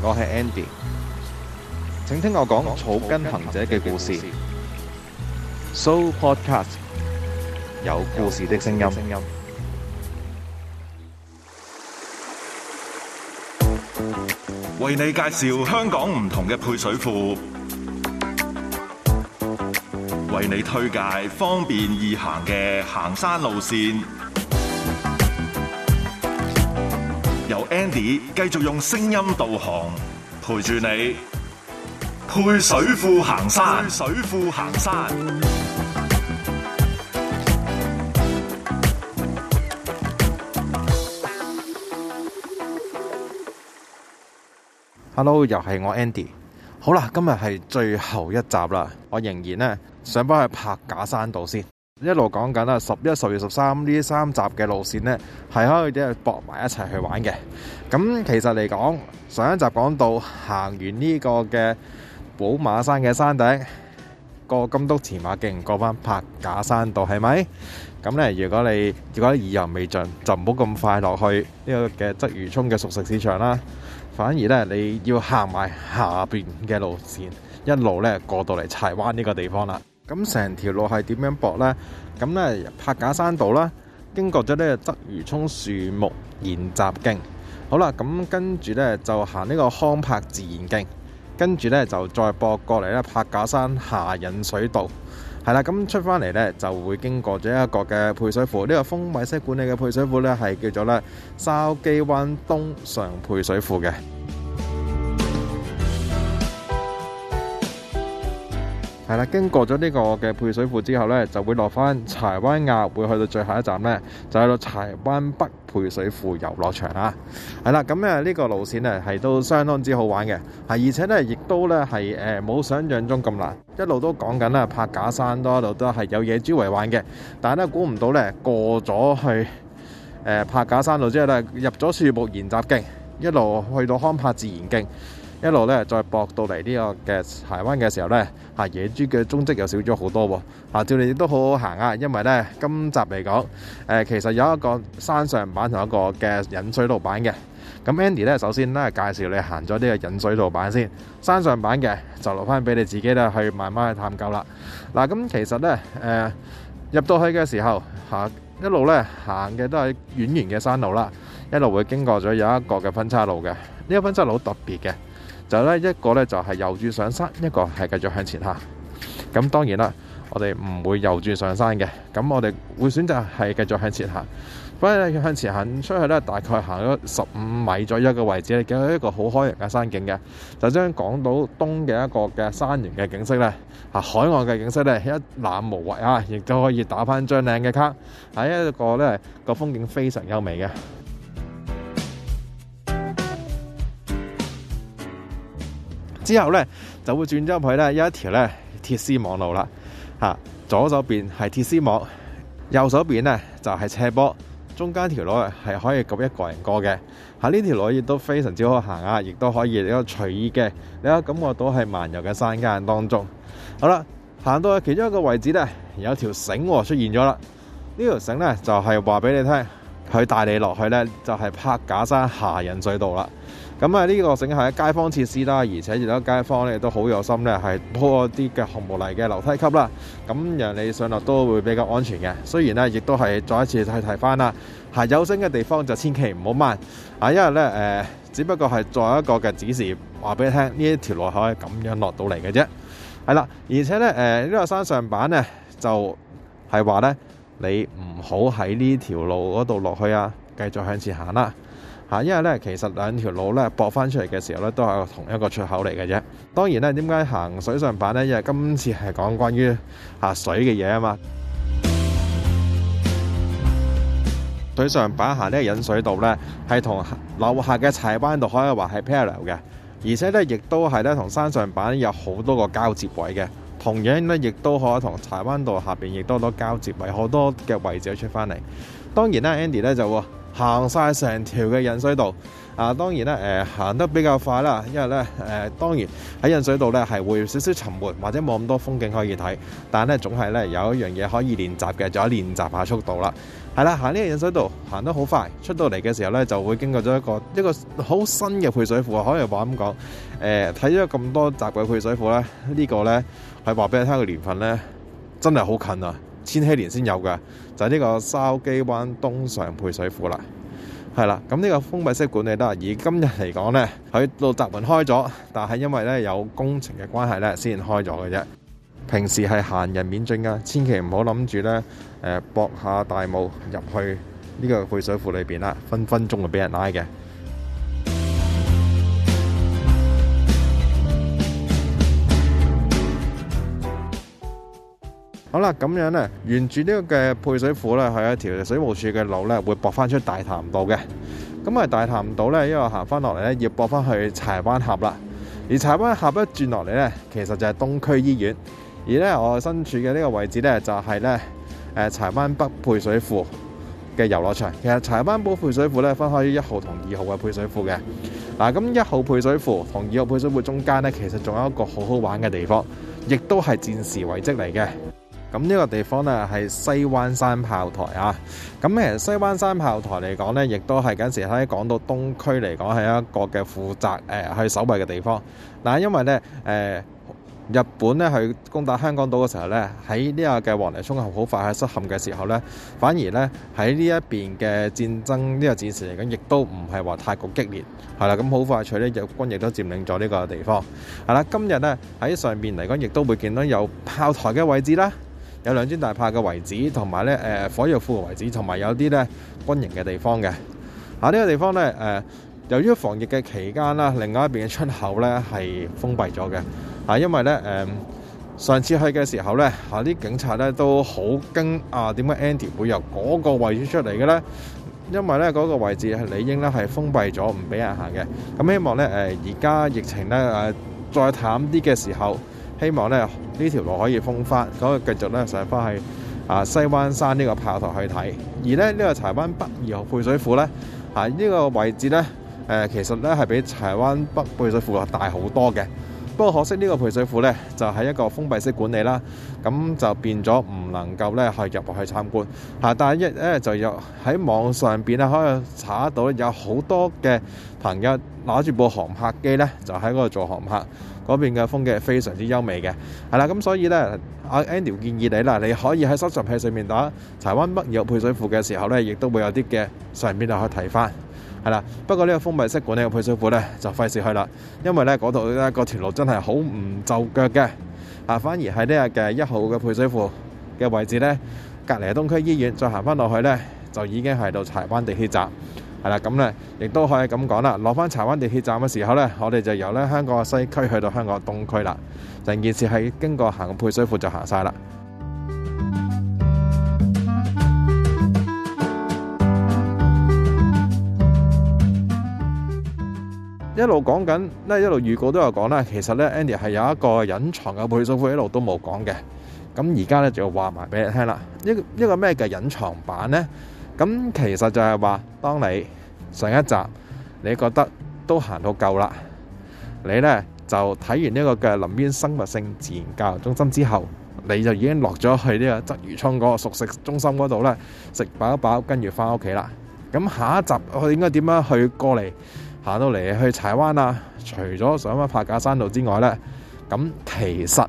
我係 Andy，請聽我講草根行者嘅故事。So Podcast 有故事的聲音，為你介紹香港唔同嘅配水庫，為你推介方便易行嘅行山路線。由 Andy 繼續用聲音導航陪住你，去水庫行山。去水庫行山。Hello，又係我 Andy。好啦，今日係最後一集啦，我仍然呢，想幫佢拍假山度先。一路講緊啦，十一、十二、十三呢三集嘅路綫呢，係可以即係搏埋一齊去玩嘅。咁其實嚟講，上一集講到行完呢個嘅寶馬山嘅山頂，過金督前馬徑過返柏架山道，係咪？咁呢，如果你如果意猶未盡，就唔好咁快落去呢、這個嘅鰂魚涌嘅熟食市場啦。反而呢，你要行埋下邊嘅路綫，一路呢過到嚟柴灣呢個地方啦。咁成條路係點樣駁呢？咁呢，柏架山道啦，經過咗呢個鰂魚涌樹木研習徑，好啦，咁跟住呢，就行呢個康柏自然徑，跟住呢，就再駁過嚟呢柏架山下引水道，係啦，咁出返嚟呢，就會經過咗一個嘅配水庫，呢、這個封閉式管理嘅配水庫呢，係叫做呢筲箕灣東上配水庫嘅。係啦，經過咗呢個嘅配水庫之後呢，就會落翻柴灣坳，會去到最後一站呢，就係到柴灣北配水庫遊樂場啊。係啦，咁咧呢個路綫咧係都相當之好玩嘅，係而且呢，亦都咧係誒冇想象中咁難，一路都講緊啦，柏架山多，一路都係有野豬圍玩嘅，但係呢，估唔到呢，過咗去誒柏架山路之後呢，入咗樹木研習徑，一路去到康柏自然徑。一路咧再駁到嚟呢個嘅柴灣嘅時候咧，嚇野豬嘅蹤跡又少咗好多喎、啊。照你都好好行啊，因為咧今集嚟講，誒、呃、其實有一個山上版同一個嘅引水路版嘅。咁 Andy 咧首先咧介紹你行咗呢個引水路版先，山上版嘅就留翻俾你自己咧去慢慢去探究啦。嗱、嗯，咁其實咧誒、呃、入到去嘅時候嚇、啊，一路咧行嘅都係遠遠嘅山路啦，一路會經過咗有一個嘅分岔路嘅，呢個分岔路好、這個、特別嘅。就咧一個咧就係右轉上山，一個係繼續向前行。咁當然啦，我哋唔會右轉上山嘅，咁我哋會選擇係繼續向前行。不過咧向前行出去咧，大概行咗十五米左右嘅位置，你見到一個好開揚嘅山景嘅，就將港島東嘅一個嘅山形嘅景色咧，啊，海岸嘅景色咧一覽無遺啊，亦都可以打翻一張靚嘅卡，喺一個咧個風景非常優美嘅。之後咧就會轉咗入去咧有一條咧鐵絲網路啦，吓、啊、左手邊係鐵絲網，右手邊咧就係、是、斜坡，中間條路係可以咁一個人過嘅。吓呢條路亦都非常之好行啊，亦都可以你可隨意嘅，你可感覺到係漫遊嘅山間當中。好、啊、啦，行到其中一個位置咧，有條繩出現咗啦。條繩呢條繩咧就係話俾你聽，佢帶你落去咧就係、是、拍假山下人隧道啦。咁啊，呢個整係街坊設施啦，而且而家街坊咧都好有心咧，係鋪啲嘅紅毛泥嘅樓梯級啦。咁人你上落都會比較安全嘅。雖然咧，亦都係再一次提提翻啦，係有聲嘅地方就千祈唔好慢啊，因為咧誒、呃，只不過係再一個嘅指示話俾你聽，呢一條路可以咁樣落到嚟嘅啫。係啦，而且咧誒，呢、呃這個山上板咧就係話咧，你唔好喺呢條路嗰度落去啊，繼續向前行啦。嚇，因為咧，其實兩條路咧，駁翻出嚟嘅時候咧，都係同一個出口嚟嘅啫。當然咧，點解行水上板咧？因為今次係講關於下水嘅嘢啊嘛。水上板行呢、呢個引水道咧，係同樓下嘅柴灣道可以話係 parallel 嘅，而且咧，亦都係咧，同山上板有好多個交接位嘅。同樣咧，亦都可以同柴灣道下邊亦都多交接位好多嘅位置出翻嚟。當然啦，Andy 咧就。行晒成條嘅引水道。啊當然咧，誒行得比較快啦，因為咧誒、呃、當然喺引水道咧係會少少沉沒，或者冇咁多風景可以睇，但係咧總係咧有一樣嘢可以練習嘅，就係練習下速度啦。係啦，行呢個引水道行得好快，出到嚟嘅時候咧就會經過咗一個一個好新嘅配水庫啊，可，可以話咁講。誒睇咗咁多舊嘅配水庫咧，呢個、呢個咧係話俾你聽個年份咧真係好近啊，千禧年先有㗎。就係呢個筲箕灣東上配水庫啦，係啦，咁呢個封閉式管理啦。而今日嚟講咧，佢個閘門開咗，但係因為咧有工程嘅關係咧，先開咗嘅啫。平時係閒人免進嘅，千祈唔好諗住咧，誒搏下大霧入去呢個配水庫裏邊啦，分分鐘就俾人拉嘅。好啦，咁樣咧，沿住呢個嘅配水庫咧，係一條水務署嘅路咧，會駁翻出大潭道嘅。咁啊，大潭道咧，因為行翻落嚟咧，要駁翻去柴灣峽啦。而柴灣峽一轉落嚟咧，其實就係東區醫院。而咧，我身處嘅呢個位置咧，就係咧誒柴灣北配水庫嘅遊樂場。其實柴灣北配水庫咧，分開於一號同二號嘅配水庫嘅。嗱，咁一號配水庫同二號配水庫中間咧，其實仲有一個好好玩嘅地方，亦都係戰時遺跡嚟嘅。咁呢個地方咧係西灣山炮台啊！咁、嗯、其實西灣山炮台嚟講咧，亦都係嗰陣時喺講到東區嚟講係一個嘅負責誒去守衞嘅地方。嗱、呃，因為咧誒、呃、日本咧去攻打香港島嘅時候咧，喺呢個嘅黃泥涌峽好快喺失陷嘅時候咧，反而咧喺呢一邊嘅戰爭呢、這個戰事嚟講，亦都唔係話太過激烈，係啦。咁、嗯、好快脆咧，日軍亦都佔領咗呢個地方。係啦，今日咧喺上邊嚟講，亦都會見到有炮台嘅位置啦。有兩尊大炮嘅位置，同埋咧誒火藥庫嘅位置，同埋有啲咧軍營嘅地方嘅。啊，呢個地方咧誒、呃，由於防疫嘅期間啦，另外一邊嘅出口咧係封閉咗嘅、呃。啊，因為咧誒上次去嘅時候咧，啊啲警察咧都好驚啊，點解 Andy 會由嗰個位置出嚟嘅咧？因為咧嗰、那個位置係理應咧係封閉咗，唔俾人行嘅。咁希望咧誒而家疫情咧誒、呃、再淡啲嘅時候。希望咧呢條路可以封翻，咁啊繼續咧上翻去啊西灣山呢個炮台去睇。而咧呢、呢個柴灣北二號配水庫咧，喺、啊、呢、呢個位置咧，誒、呃、其實咧係比柴灣北配水庫大好多嘅。不過可惜呢個配水庫咧就係一個封閉式管理啦，咁就變咗唔能夠咧去入去參觀嚇。但係一咧就有喺網上邊咧可以查到有好多嘅朋友攞住部航拍機咧就喺嗰度做航拍。嗰邊嘅風景係非常之優美嘅。係啦，咁所以咧阿 Andy 建議你啦，你可以喺收集器上面打台灣北約配水庫嘅時候咧，亦都會有啲嘅上邊就可以睇翻。係啦，不過呢個封閉式管理嘅配水庫呢，就費事去啦，因為呢嗰度呢條路真係好唔就腳嘅啊，反而喺呢日嘅一號嘅配水庫嘅位置呢，隔籬係東區醫院，再行翻落去呢，就已經係到柴灣地鐵站係啦。咁呢亦都可以咁講啦，落翻柴灣地鐵站嘅時候呢，我哋就由呢香港西區去到香港東區啦，成件事係經過行配水庫就行晒啦。一路講緊，咧一路預告都有講啦。其實咧，Andy 係有一個隱藏嘅配送貨，一路都冇講嘅。咁而家咧就要話埋俾你聽啦。呢一個咩嘅隱藏版咧？咁其實就係話，當你上一集，你覺得都行到夠啦，你咧就睇完呢個嘅林邊生物性自然教育中心之後，你就已經落咗去呢個鰂魚涌嗰個熟食中心嗰度咧，食飽一飽，跟住翻屋企啦。咁下一集我哋應該點樣去過嚟？行到嚟，去柴灣啊！除咗上翻柏架山路之外呢，咁其實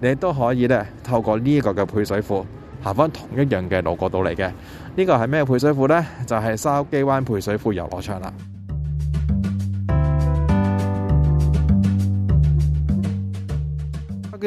你都可以呢透過呢個嘅配水庫行翻同一樣嘅路過到嚟嘅。呢、這個係咩配水庫呢？就係筲箕灣配水庫遊樂場啦。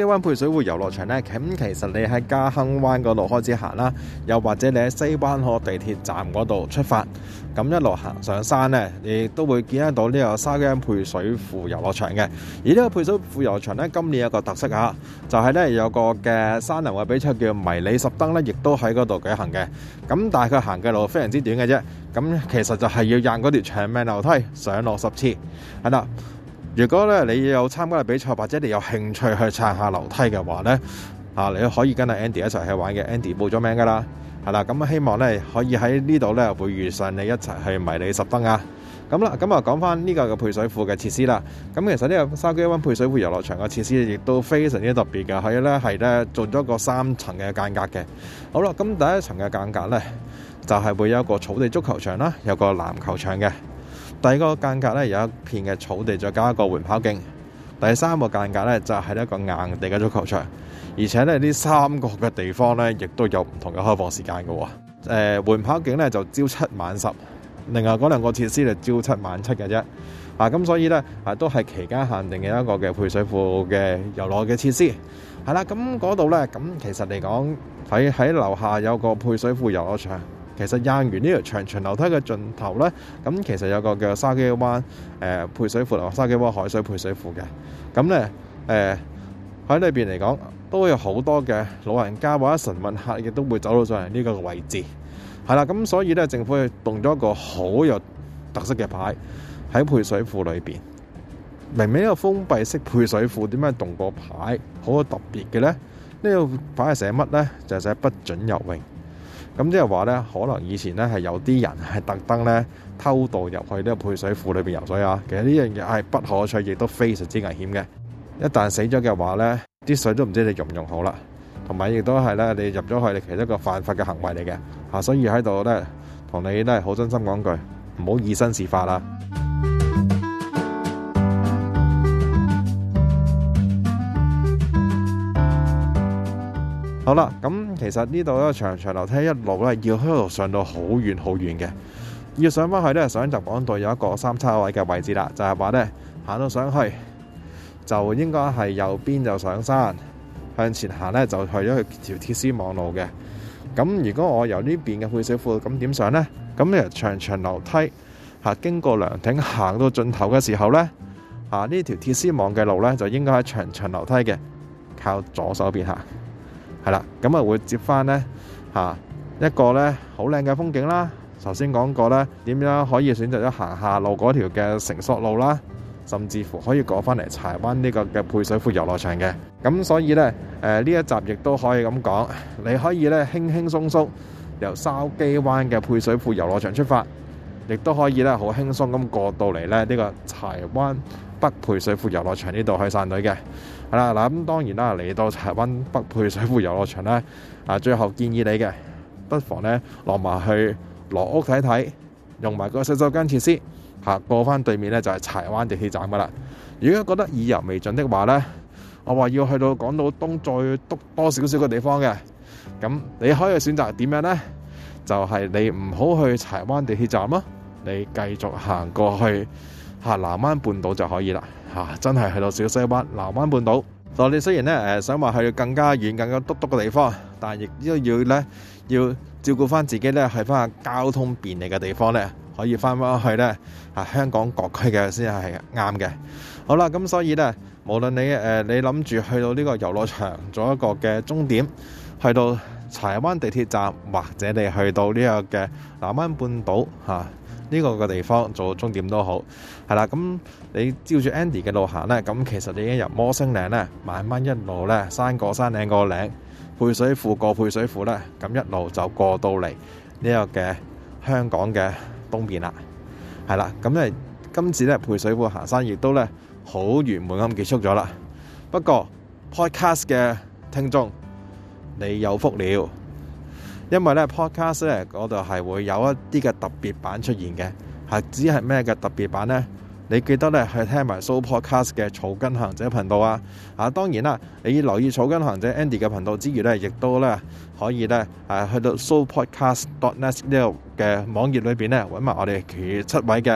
灣西灣配水庫遊樂場咧，咁其實你喺嘉亨灣嗰度開始行啦，又或者你喺西灣河地鐵站嗰度出發，咁一路行上山咧，你都會見得到呢個沙灣配水庫遊樂場嘅。而呢個配水庫遊樂場咧，今年有個特色啊，就係、是、咧有個嘅山林嘅比賽叫迷你十登咧，亦都喺嗰度舉行嘅。咁但係佢行嘅路非常之短嘅啫，咁其實就係要行嗰條長命樓梯上落十次。係啦。如果咧你有參加嘅比賽，或者你有興趣去撐下樓梯嘅話咧，啊你可以跟阿 Andy 一齊去玩嘅，Andy 報咗名噶啦，係啦，咁希望咧可以喺呢度咧會遇上你一齊去迷你十分啊！咁、嗯、啦，咁、嗯、啊講翻呢個嘅配水庫嘅設施啦，咁、嗯、其實呢個筲箕灣配水庫遊樂場嘅設施亦都非常之特別嘅，佢咧係咧做咗個三層嘅間隔嘅。好啦，咁、嗯、第一層嘅間隔咧就係、是、會有一個草地足球場啦，有個籃球場嘅。第二個間隔咧有一片嘅草地，再加一個緩跑徑。第三個間隔咧就係、是、一個硬地嘅足球場，而且咧呢三個嘅地方咧亦都有唔同嘅開放時間嘅。誒、呃，緩跑徑咧就朝七晚十，另外嗰兩個設施就朝七晚七嘅啫。啊，咁所以咧啊都係期間限定嘅一個嘅配水庫嘅遊樂嘅設施。係啦，咁嗰度咧咁其實嚟講喺喺樓下有個配水庫遊樂場。其實行完呢條長長樓梯嘅盡頭咧，咁其實有個叫沙基灣誒、呃、配水庫，沙基灣海水配水庫嘅。咁咧誒喺裏邊嚟講，都有好多嘅老人家或者神問客亦都會走到上嚟呢個位置。係、嗯、啦，咁所以咧政府去動咗一個好有特色嘅牌喺配水庫裏邊。明明一個封閉式配水庫，點解動個牌好特別嘅咧？呢個牌寫乜咧？就寫、是、不准游泳。咁即係話呢，可能以前呢係有啲人係特登呢偷渡入去呢個配水庫裏邊游水啊！其實呢樣嘢係不可取，亦都非常之危險嘅。一旦死咗嘅話呢，啲水都唔知你用唔用好啦。同埋亦都係呢，你入咗去，你其實一個犯法嘅行為嚟嘅。吓，所以喺度呢，同你都係好真心講句，唔好以身試法啦。好啦，咁其實呢度咧長長樓梯一路咧要喺度上到好遠好遠嘅，要上翻去咧想集港到有一個三叉位嘅位置啦，就係話咧行到上去就應該係右邊就上山向前行咧就去咗去條鐵絲網路嘅。咁如果我由邊小庫呢邊嘅配水庫咁點上咧？咁咧長長樓梯吓、啊、經過涼亭行到盡頭嘅時候咧吓呢、啊、條鐵絲網嘅路咧就應該喺長長樓梯嘅靠左手邊行。係啦，咁啊會接翻呢。嚇、啊、一個呢，好靚嘅風景啦。頭先講過呢，點樣可以選擇咗行下路嗰條嘅成熟路啦，甚至乎可以過返嚟柴灣呢個嘅配水庫遊樂場嘅。咁所以呢，誒、呃、呢一集亦都可以咁講，你可以咧輕輕鬆鬆由筲箕灣嘅配水庫遊樂場出發，亦都可以咧好輕鬆咁過到嚟咧呢、這個柴灣北配水庫遊樂場呢度去散隊嘅。係啦，咁、嗯、當然啦，嚟到柴灣北配水庫遊樂場咧，啊，最後建議你嘅，不妨咧落埋去羅屋睇睇，用埋個洗手間設施，嚇、啊、過翻對面咧就係、是、柴灣地鐵站噶啦。如果覺得意猶未盡的話咧，我話要去到港島東再篤多少少個地方嘅，咁你可以選擇點樣咧？就係、是、你唔好去柴灣地鐵站囉，你繼續行過去嚇、啊、南灣半島就可以啦。吓、啊，真係去到小西灣、南灣半島。嗱，你雖然咧誒、呃、想話去更加遠、更加篤篤嘅地方，但係亦都要咧要照顧翻自己咧，去翻交通便利嘅地方咧，可以翻翻去咧，啊香港各區嘅先係啱嘅。好啦，咁所以咧，無論你誒、呃、你諗住去到呢個遊樂場做一個嘅終點，去到柴灣地鐵站，或者你去到呢個嘅南灣半島，吓、啊。呢個嘅地方做終點都好，係啦。咁你照住 Andy 嘅路行呢，咁其實你已經入摩星嶺呢，慢慢一路呢，山過山嶺過嶺，嶺過嶺，配水庫過配水庫呢，咁一路就過到嚟呢個嘅香港嘅東邊啦。係啦，咁呢今次呢，配水庫行山亦都呢，好圓滿咁結束咗啦。不過 Podcast 嘅聽眾，你有福了。因為咧 Podcast 咧嗰度係會有一啲嘅特別版出現嘅，係指係咩嘅特別版咧？你記得咧去聽埋 Soul Podcast 嘅草根行者頻道啊！啊當然啦，你要留意草根行者 Andy 嘅頻道之餘咧，亦都咧可以咧誒去到 soulpodcast.net 呢個嘅網頁裏邊咧揾埋我哋其他七位嘅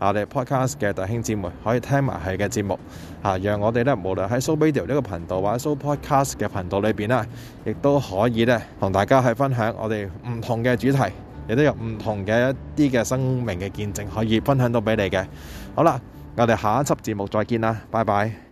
啊，我哋 Podcast 嘅弟兄姊妹可以聽埋佢嘅節目啊，讓我哋咧無論喺 Soul Radio 呢個頻道或者 Soul Podcast 嘅頻道裏邊啦，亦都可以咧同大家去分享我哋唔同嘅主題。亦都有唔同嘅一啲嘅生命嘅見證可以分享到俾你嘅，好啦，我哋下一輯節目再見啦，拜拜。